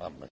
Amen.